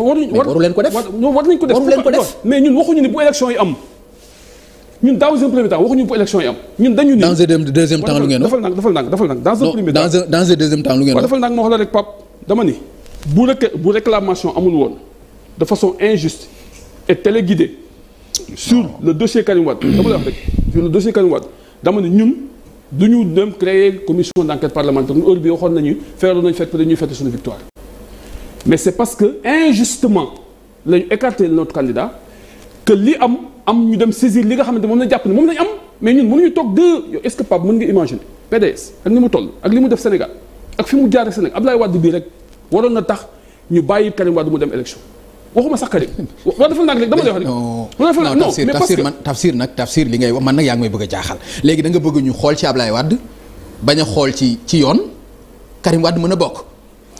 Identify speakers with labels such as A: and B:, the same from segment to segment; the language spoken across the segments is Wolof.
A: waruñu waru leen ko def war nañ ko def waru ko def mais ñun waxuñu ni bu élection yi am ñun dans un premier temps waxuñu bu élection yi am ñun dañu ni deuxième temps lu ngeen dafal nag dafal nag dafal nag dans un premier temps dans un deuxième temps lu ngeen dafal nag ma wax la rek Pape dama ni bu rek bu réclamation amul woon de façon injuste et téléguidée sur le dossier Karim Wade dama ni ñun du ñu dem créer commission d' enquête parlementaire ñu heure bi waxoon nañu feeroon nañu fekk peut mais c'est parce que injustement la ñu écarté notre candidat que li am am ñu dem saisir li nga xamante moom la jàpp ne moom lañu am mais ñun mënuñu toog deux yow est-ce que Pape mën nga imaginer PDS ak ni mu toll ak li mu def Sénégal ak fi mu jaaree Sénégal Abdoulaye Wade bii rek waroon na tax ñu bàyyi Karim Wade mu dem élection waxuma sax Karim waaw dafa nag léegi dama lay wax non non tafsir man tafsir nag tafsir li ngay wax man nag yaa ngi may bëgg jaaxal léegi da nga bëgg ñu xool ci Abdoulaye Wade bañ a xool ci ci yoon Karim Wade mën a bokk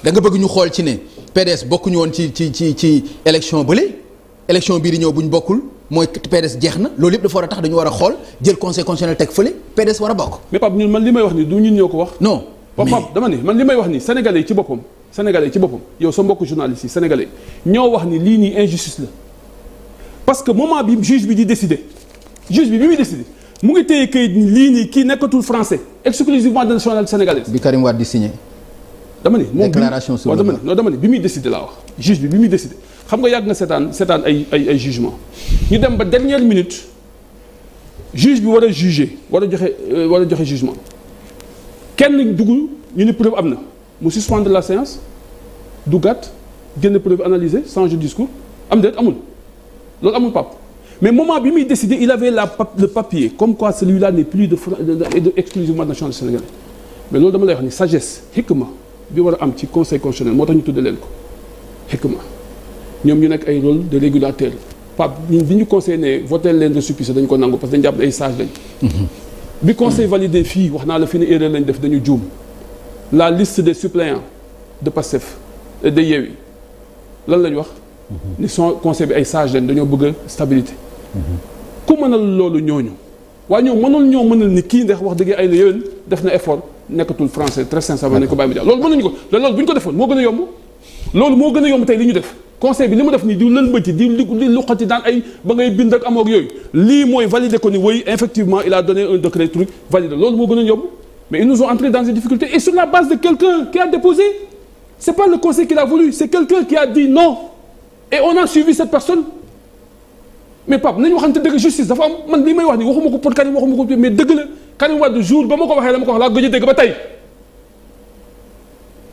A: da nga bëgg ñu xool ci ne PDS bokkuñu woon ci ci ci ci élection bële élection bii di ñëw bu ñu bokkul mooy PDS jeex na loolu yëpp dafa war a tax dañu war a xool jël conseil constitutionnel teg fële PDS war a bokk. mais Pape ñun man li may wax ni du ñun ñoo ko wax. non mais Pape dama ni man li may wax ni sénégalais yi ci boppam sénégalais ci boppam yow sa mbokku journaliste yi sénégalais ñoo wax ni lii nii injustice la parce que moment bi juge bi di décider juge bi bi muy décider mu ngi téye kayit lii nii kii nekkatul français exclusivement de nationalité sénégalaise. bi Karim Wade di signé. dama ne moom déclaration sur dama ne non dama ne bi muy décidé laa wax juge bi bi muy décidé xam nga yàgg nga seetaan seetaan ay ay ay jugement ñu dem ba dernière minute juge bi war a juger war a joxe euh, war a joxe jugement kenn dugg ñu ni preuve am na mu suspendre la séance du gàtt génn preuve analysée sans jeu de discours am déet amul loolu amul pap mais moment bi muy décidé il avait la pap le papier comme quoi celui-là n'est plus de, de, de, de exclusivement de nationalité sénégalaise mais loolu dama lay wax ni sagesse xikma bi war a am ci conseil constitutionnel moo tax ñu tudde leen ko ma ñoom ñu nekk ay rôle de régulateur Pape ñun bi ñu conseil ne voté leen récépissé dañ ko nangu parce que dañu jàpp ay sage lañ mhm. bi conseil validé fii wax naa la fi ne erreur lañ def dañu juum la liste des suppléants de Pastef et euh, de Yewwi lan lañ wax mhm. ni son conseil bi ay sage lañ dañoo bëgg stabilité mhm. ku mënal loolu ñooñu waaye ñoo mënal ñoo mënal ni kii ndex wax dëgg ay na yéwén def na effort nekkatul français très sincèrement nañ ko bàyyi mu jàll loolu mën nañu ko loolu bu ñu ko defoon moo gën a yomb loolu moo gën a yomb tey li ñu def conseil bi li mu def nii di lëlbëti daan ay ba ngay bind ak amoog yooyu lii mooy valider ko ni oui effectivement il a donné un décret truc validé loolu moo gën a yomb mais ils nous ont entrés dans une difficulté et sur la base de quelqu'un qui a déposé c'est pas le conseil qui l'a voulu c'est quelqu'un wax ni Karim Wade jour ba ma ko waxee la ma ko wax laa gëj a dégg ba tey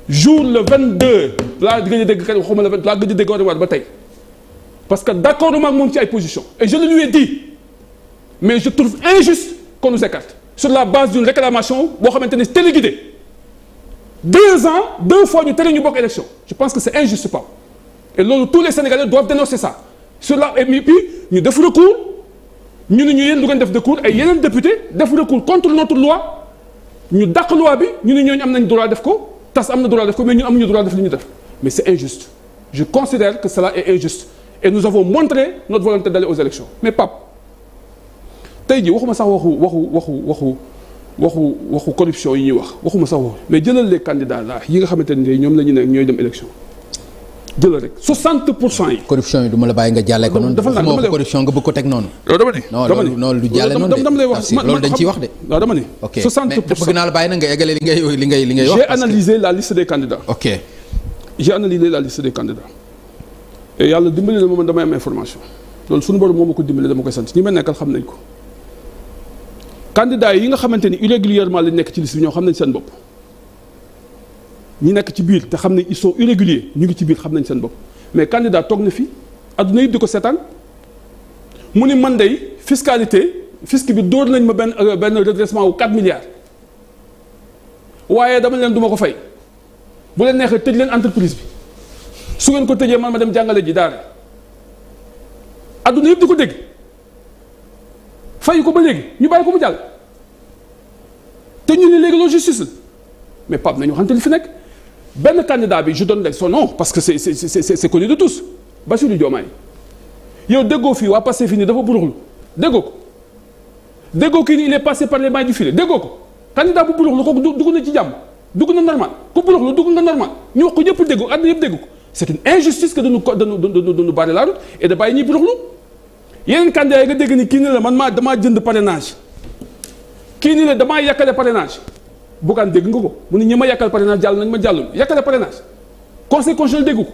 A: jour le 22 laa gëj a dégg Karim waxuma le 22 laa gëj a ba tey parce que d'accord ak moom ci ay position et je le lui ai dit mais je trouve injuste qu'on nous écarte sur la base d'une réclamation boo xamante ne téléguidée deux ans deux fois ñu tere ñu bokk élection je pense que c'est injuste pas et loolu tous les Sénégalais doivent dénoncer ça sur la et puis ñu def ñu ne ñu yéen du ngeen def recours ay yeneen député def recours contre notre loi ñu dàq loi bi ñu ne ñooñu am nañ droit def ko tas am na droit def ko mais ñun amuñu droit def li ñu def mais c'est injuste je considère que cela est injuste et nous avons montré notre volonté d'aller aux élections mais Pape tey jii waxuma sax waxu waxu waxu waxu waxu waxu corruption yi ñuy wax waxuma sax waxu mais jëlal les candidats là yi nga xamante ne ñoom la ñu ne ñooy dem élection jëlal rek 60 pour cent yi. corruption yi du la bàyyi nga jàllee ko noonu. dafa la nga bëgg ko noonu. dama ne dama ne noonu de. lay wax dama ne. ok mais naa la bàyyi na nga eggale li ngay li ngay li ngay wax. j'ai analysé la liste des candidats. ok j'ai analysé la liste des candidats. et yàlla dimbali na ma man damay am information loolu suñu borom moo ma ko dimbali yi nga xamante ni irrégulièrement lañ nekk ci liste bi ñoo xam nañ seen bopp ñi nekk ci biir te xam ne ils sont ñu ngi ci biir xam nañ seen bopp mais candidat toog na fi adduna yi di ko seetaan mu ni man day fiscalité fisc bi door nañ ma benn euh, benn redressement wu 4 milliards waaye dama leen du ma ko fay bu leen neexee tëj leen entreprise bi su ngeen ko tëjee man ma dem jàngale ji daara adduna yëpp di ko dégg fay ko ba léegi ñu bàyyi ko mu jàll te ñu ne léegi loolu justice la mais Pape xam waxante li fi nekk. benn candidat bi je donne son nom parce que c'est c'est c'est c'est connu de tous Bassirou Diomaye yow déggoo fii waa passé fii nii dafa buruxlu déggoo ko déggoo kii nii il est passé par les mailles du filet déggoo ko candidat dugg na ci jàmm dugg na normal ku buruxlu dugg nga normal ñu wax ko ñëpp dégg ko àddina yëpp dégg ko c'est une injustice que dañu ko dañu dañu dañu barrer la route et de bàyyi yeneen candidat yi nga dégg ni kii nii la man maa damaa jënd parrainage kii nii la damaa yàkkale parrainage. Bougane dégg nga ko mu ne ñi ma yàkkal parrainage jàll nañ ma jàllul yàkkale parrainage conseil constitutionnel dégg ko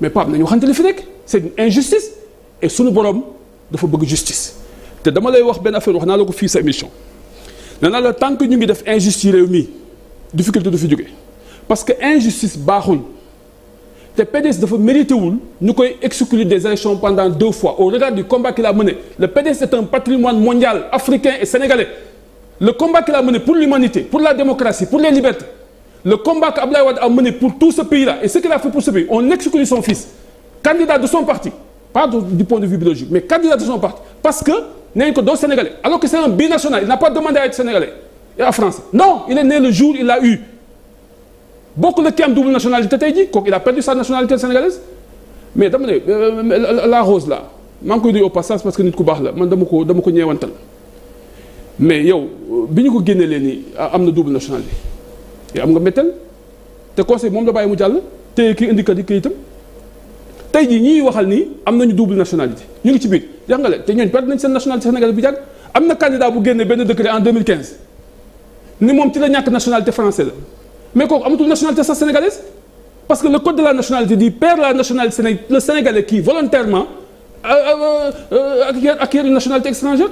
A: mais Pape nañu waxante li fi nekk c'est une injustice et sunu borom dafa bëgg justice te dama lay wax benn affaire wax naa la ko fii sa émission nee naa la tant que ñu ngi def injustice yi réew mi difficulté du fi jóge parce que injustice baaxul te PDS dafa mérité wul ñu koy exclure des élections pendant deux fois au regard du combat qu'il a mené le PDS est un mondial africain et le combat qu'il a mené pour l'humanité pour la démocratie pour les libertés le combat qu'Abdoulaye a mené pour tout ce pays là et ce qu'il a fait pour ce pays on exclut fils candidat de son parti pas du point de vue biologique mais candidat de son parti parce que nañ ko doo sénégalais alors que c'est un binational il n'a pas demandé à être sénégalais et à français non il est né le jour il l'a eu bokk na ki am double nationalité tey jii kooku euh, la rose baax la man dama ko dama ko ñeewantal mais yow bi ñu ko génnee leen ni am na double nationalité yow am nga méttel te conseil moom la bàyyi mu jàll te kii indi kat yi këyitam tey jii ñiy waxal nii am nañu double nationalité ñu ngi ci biir jeex nga leen te ñooñu perte nañ seen nationalité sénégalaise bu jàgg am na candidat bu génne benn décret en 2015 ni moom ci la ñàkk nationalité française la mais kooku amatul nationalité sax sénégalaise parce que le code de la nationalité dit perd la nationalité sénég le sénégalais qui volontairement euh, euh, euh, acquiert une nationalité étrangère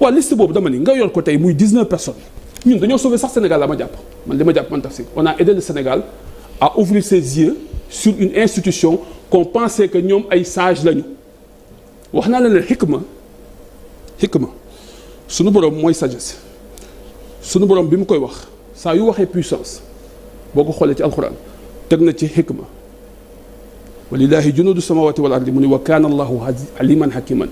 A: waa liste boobu dama ni nga yor ko tey muy 19 personnes ñun dañoo sauver sax Sénégal la ma jàpp man li ma jàpp man Tafsir on a aidé le Sénégal à ouvrir ses yeux sur une institution qu'on pensait que ñoom ay sage lañu wax naa leen ne xikma xikma sunu borom mooy sagesse sunu borom bi mu koy wax saa yu waxee puissance boo ko xoolee ci alxuraan teg na ci xikma walillahi junudu samawati wal ardi mu ne wa kaana allahu aliman hakiman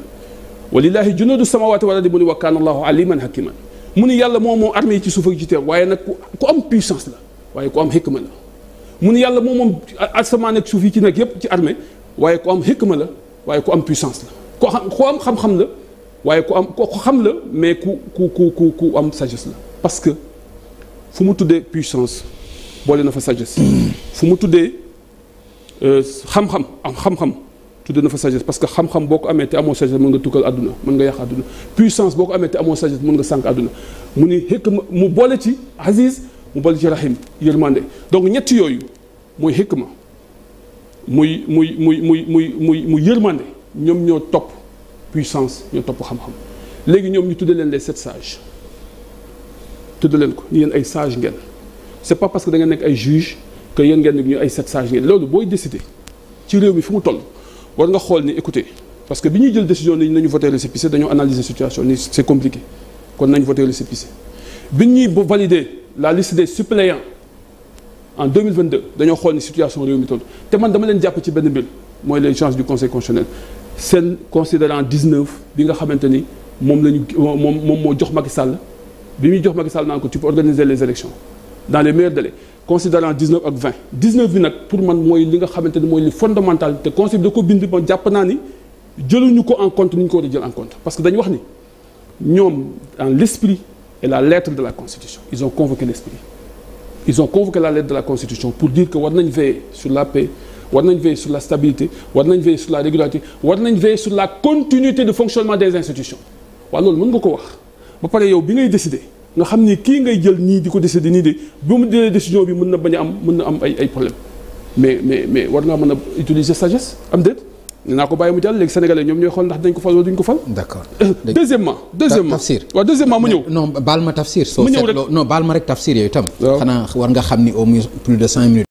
A: walillaahi junuudu samaawaati wal ardi mu ni wa kaana allaahu aliman hakiman mu ni yàlla moo moom armée yi ci suuf ak ci waaye nag ku am puissance la waaye ku am xikma la mu ni yàlla moo moom ak suuf yi ci nekk ci armée waaye ku am xikma la waaye ku am puissance la ku xam ku am xam-xam la waaye ku am ku xam la mais ku ku ku ku ku am sagesse la parce que fu mu tuddee puissance boole na fa sagesse fu mu tuddee euh, xam-xam am xam-xam tuddee na fa sagesse parce que xam-xam boo ko amee te amoo sagesse mën nga tukkal àdduna mën nga yàq àdduna puissance boo ko amee te amoo sagesse mën nga sànq àdduna mu ni hikma mu boole ci aziz mu boole ci rahim yërmande donc ñett yooyu mooy hikma muy muy muy muy muy muy muy yërmande ñoom ñoo topp puissance ñoo topp xam-xam léegi ñoom ñu tuddee leen les sept sages tuddee leen ko ni yéen ay sage ngeen c'est pas parce que da ngeen nekk ay juge que yéen ngeen nekk ñu ay sept sages ngeen loolu booy décider ci réew mi fi mu toll war nga xool ni écoutez parce que bi ñuy jël décision ni nañu voté récépissé dañoo analyser situation ni c'est compliqué kon nañ voté récépissé bi ñuy valider la liste des suppléants en 2022 dañoo xool ni situation réew mi toll te man dama leen jàpp ci benn mbir mooy les chances du conseil constitutionnel seen considérant 19 bi nga xamante ni moom la ñu moom moom moo jox Macky sàll bi muy jox Macky Sall naan ko tu peux organiser les élections dans les meilleurs délais considérant 19 ak 20 19 bi nag pour man mooy li nga xamante ne mooy li fondamental te conseil bi da ko bind man jàpp naa ni jëluñu ko en compte ni ñu ko war a jël en compte parce que dañu wax ni ñoom en l'esprit et la lettre de la constitution ils ont convoqué l'esprit ils ont convoqué la lettre de la constitution pour dire que war nañ veiller sur la paix war nañ veiller sur la stabilité war nañ veiller sur la régularité war nañ veiller la continuité de fonctionnement des institutions waaw loolu mën nga ko wax ba pare yow bi ngay décider nga xam ni kii ngay jël nii di ko décider nii de bu mu jëlee décision bi mën na bañ a am mën na am ay problème mais mais war ngaa mën a utiliser sagesse am déet nee naa ko bàyyi mu jàll léegi sénégalais ñoom ñooy xool ndax dañ ko fal wala duñ ko fal. Euh, deuxièmement deuxièmement tafsir waaw deuxièmement mu ñëw. non baal ma tafsir. soo seetloo non baal ma rek tafsir yooyu tam. xanaa war nga xam ni au moins plus de cinq minutes.